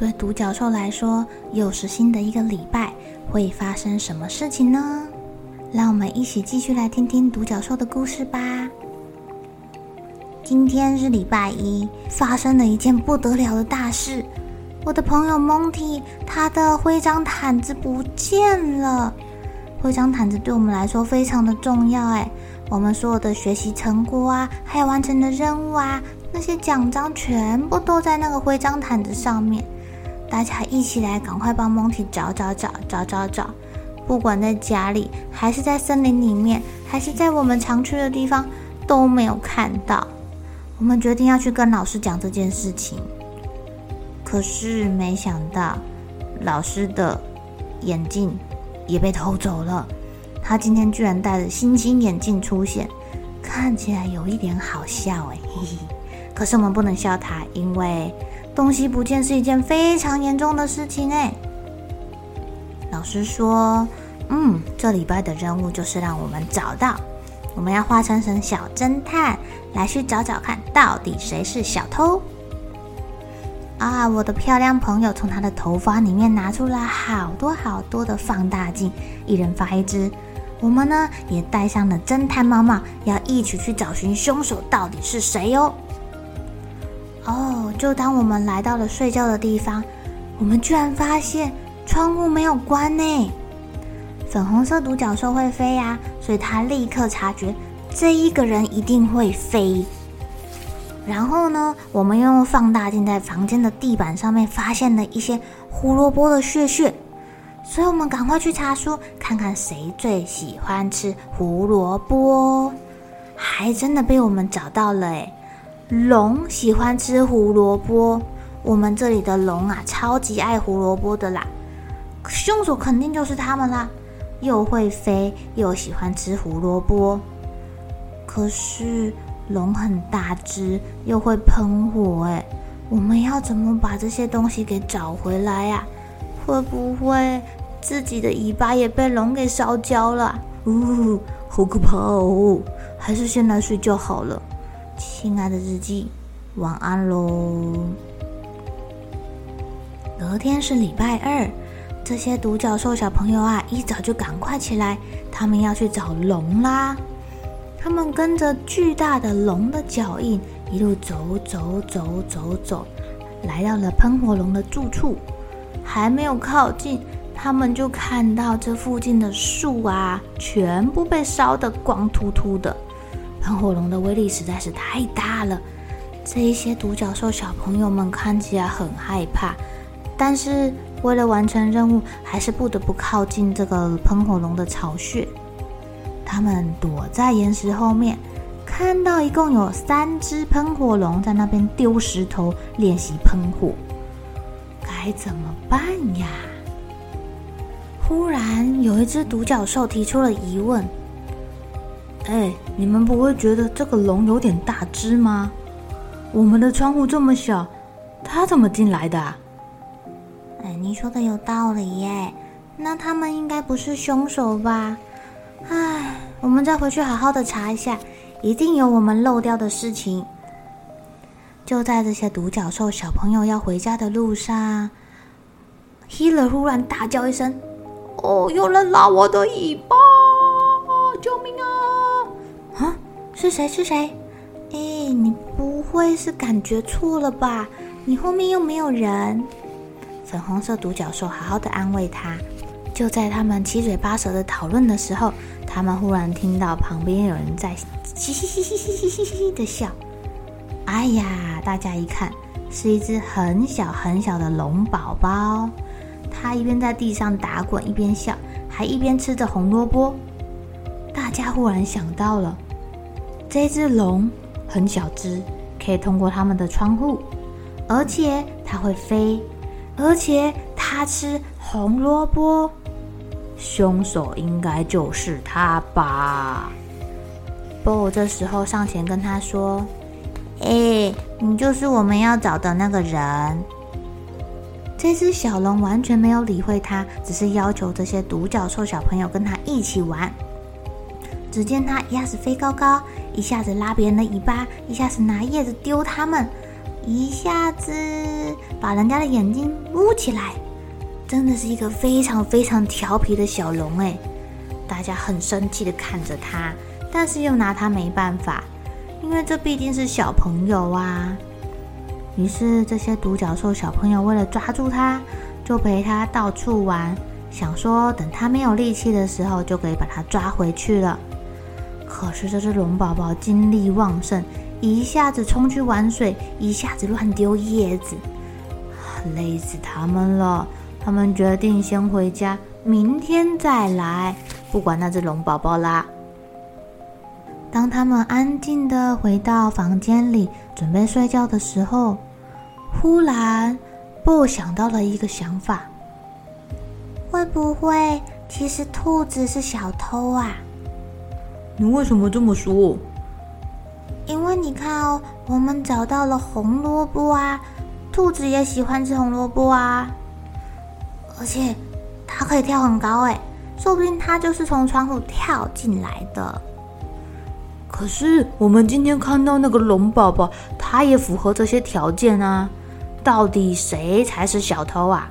對獨角獸來說，又是新的一個禮拜，會發生什麼事情呢？讓我們一起繼續來聽聽獨角獸的故事吧。今天是禮拜一，發生了一件不得了的大事。我的朋友蒙蒂，他的徽章毯子不見了。徽章毯子對我們來說非常的重要，哎，我們所有的學習成果啊，還有完成的任務啊，那些獎章全部都在那個徽章毯子上面。大家一起來，趕快幫蒙提找找找找,找找找！不管在家裡，還是在森林裡面，還是在我們常去的地方，都沒有看到。我們決定要去跟老師講這件事情。可是沒想到，老師的眼鏡也被偷走了。他今天居然戴着星星眼鏡出現，看起來有一點好笑哎。可是我們不能笑他，因為。東西不見是一件非常嚴重的事情呢、欸。老師說：“嗯，這禮拜的任務就是讓我們找到，我們要化身成小偵探，來去找找看，到底誰是小偷。”啊，我的漂亮朋友從他的頭髮裡面拿出了好多好多的放大鏡，一人發一支。我們呢也戴上了偵探帽帽，要一起去找尋兇手到底是誰哦哦。就當我們來到了睡覺的地方，我們居然發現窗戶沒有關呢、欸。粉紅色獨角獸會飛呀、啊，所以他立刻察覺這一個人一定會飛。然後呢，我們又用放大鏡在房間的地板上面發現了一些胡蘿蔔的屑屑，所以我們趕快去查書，看看誰最喜歡吃胡蘿蔔。還真的被我們找到了哎、欸。龍喜歡吃胡蘿蔔，我們這裡的龍啊，超級愛胡蘿蔔的啦。凶手肯定就是他們啦，又會飛，又喜歡吃胡蘿蔔。可是龍很大只，又會噴火、欸，哎，我們要怎麼把這些東西給找回來呀、啊？會不會自己的尾巴也被龍給燒焦了？嗚、哦，好可怕哦，哦，還是先來睡覺好了。親愛的日記，晚安嘍。隔天是禮拜二，這些獨角獸小朋友啊，一早就趕快起來，他們要去找龍啦。他們跟着巨大的龍的腳印，一路走走走走走，來到了噴火龍的住處。還沒有靠近，他們就看到這附近的樹啊，全部被燒得光禿禿的。噴火龍的威力實在是太大了，這一些獨角獸小朋友們看起來很害怕，但是為了完成任務，還是不得不靠近這個噴火龍的巢穴。他們躲在岩石後面，看到一共有三隻噴火龍在那邊丟石頭練習噴火，該怎麼辦呀？忽然，有一隻獨角獸提出了疑問。哎，你們不會覺得這個龍有點大只嗎？我們的窗戶這麼小，它怎麼進來的啊？哎，你說的有道理耶。那他們應該不是兇手吧？哎，我們再回去好好的查一下，一定有我們漏掉的事情。就在這些獨角獸小朋友要回家的路上，希爾忽然大叫一聲：“哦，有人拉我的尾巴！”是誰，是誰？是誰？哎，你不會是感覺錯了吧？你後面又沒有人。粉紅色獨角獸好好的安慰他。就在他們七嘴八舌的討論的時候，他們忽然聽到旁邊有人在嘻嘻嘻嘻嘻嘻，嘻，嘻的笑。哎呀，大家一看，是一只很小很小的龍寶寶。他一邊在地上打滾，一邊笑，還一邊吃着紅蘿蔔。大家忽然想到了。這隻龍很小隻，可以通過他們的窗戶，而且它會飛，而且它吃紅蘿蔔。凶手應該就是他吧？不過我這時候上前跟他說：“哎，你就是我們要找的那個人。”這隻小龍完全沒有理會他，只是要求這些獨角獸小朋友跟他一起玩。只見他一下子飛高高。一下子拉別人的尾巴，一下子拿葉子丟他們，一下子把人家的眼睛捂起來，真的是一個非常非常調皮的小龍誒！大家很生氣的看着他，但是又拿他沒辦法，因為這畢竟是小朋友啊。於是這些獨角獸小朋友為了抓住他，就陪他到處玩，想說等他沒有力氣的時候，就可以把他抓回去了。可是這只龍寶寶精力旺盛，一下子衝去玩水，一下子亂丟葉子，啊，累死他們了。他們決定先回家，明天再來，不管那只龍寶寶啦。當他們安靜的回到房間裡準備睡覺的時候，忽然不想到了一個想法：會不會其實兔子是小偷啊？你為什麼這麼說？因為你看哦，我們找到了紅蘿蔔啊，兔子也喜歡吃紅蘿蔔啊，而且它可以跳很高哎，說不定它就是從窗戶跳進來的。可是我們今天看到那個龍寶寶，它也符合這些條件啊，到底誰才是小偷啊？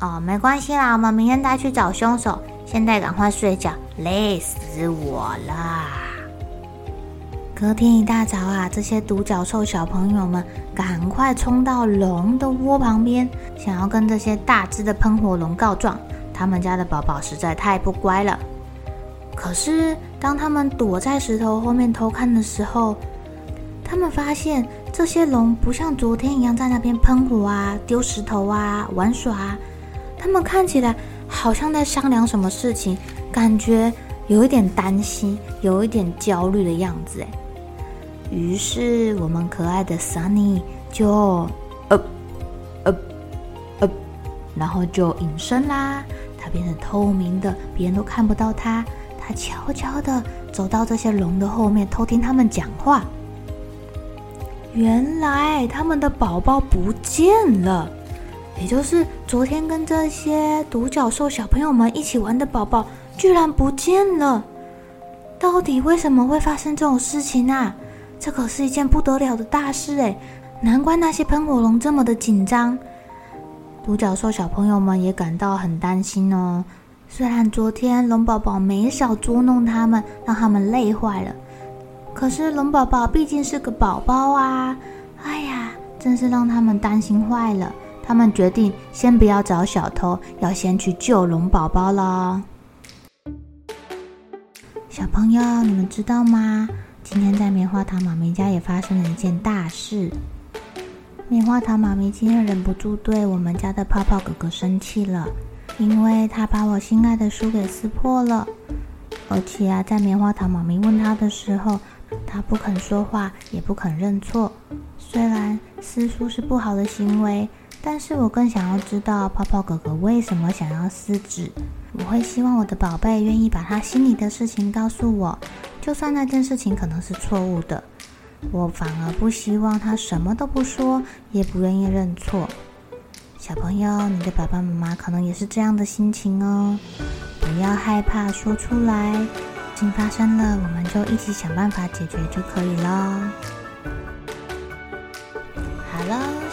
哦，沒關係啦，我們明天再去找兇手。現在趕快睡覺，累死我了！隔天一大早啊，這些獨角獸小朋友們趕快衝到龍的窩旁邊，想要跟這些大隻的噴火龍告狀，他們家的寶寶實在太不乖了。可是當他們躲在石頭後面偷看的時候，他們發現這些龍不像昨天一樣在那邊噴火啊、丟石頭啊、玩耍、啊，他們看起來。好像在商量什麼事情，感覺有一點擔心，有一點焦慮的樣子哎。於是我們可愛的 Sunny 就呃呃呃，然後就隱身啦。它變成透明的，別人都看不到它。它悄悄的走到這些龍的後面，偷聽他們講話。原來他們的寶寶不見了。也就是昨天跟這些獨角獸小朋友們一起玩的寶寶，居然不見了！到底為什麼會發生這種事情啊？這可是一件不得了的大事哎！難怪那些噴火龍這麼的緊張，獨角獸小朋友們也感到很擔心哦。雖然昨天龍寶寶沒少捉弄他們，讓他們累壞了，可是龍寶寶畢竟是個寶寶啊！哎呀，真是讓他們擔心壞了。他們決定先不要找小偷，要先去救龍寶寶了。小朋友，你們知道嗎？今天在棉花糖媽咪家也發生了一件大事。棉花糖媽咪今天忍不住對我們家的泡泡哥哥生氣了，因為他把我心愛的書給撕破了。而且啊，在棉花糖媽咪問他的時候，他不肯說話，也不肯認錯。雖然撕書是不好的行為。但是我更想要知道泡泡哥哥為什麼想要撕紙。我會希望我的寶貝願意把他心裡的事情告訴我，就算那件事情可能是錯誤的，我反而不希望他什麼都不說，也不願意認錯。小朋友，你的爸爸媽媽可能也是這樣的心情哦，不要害怕說出來，事情發生了，我們就一起想辦法解決就可以了。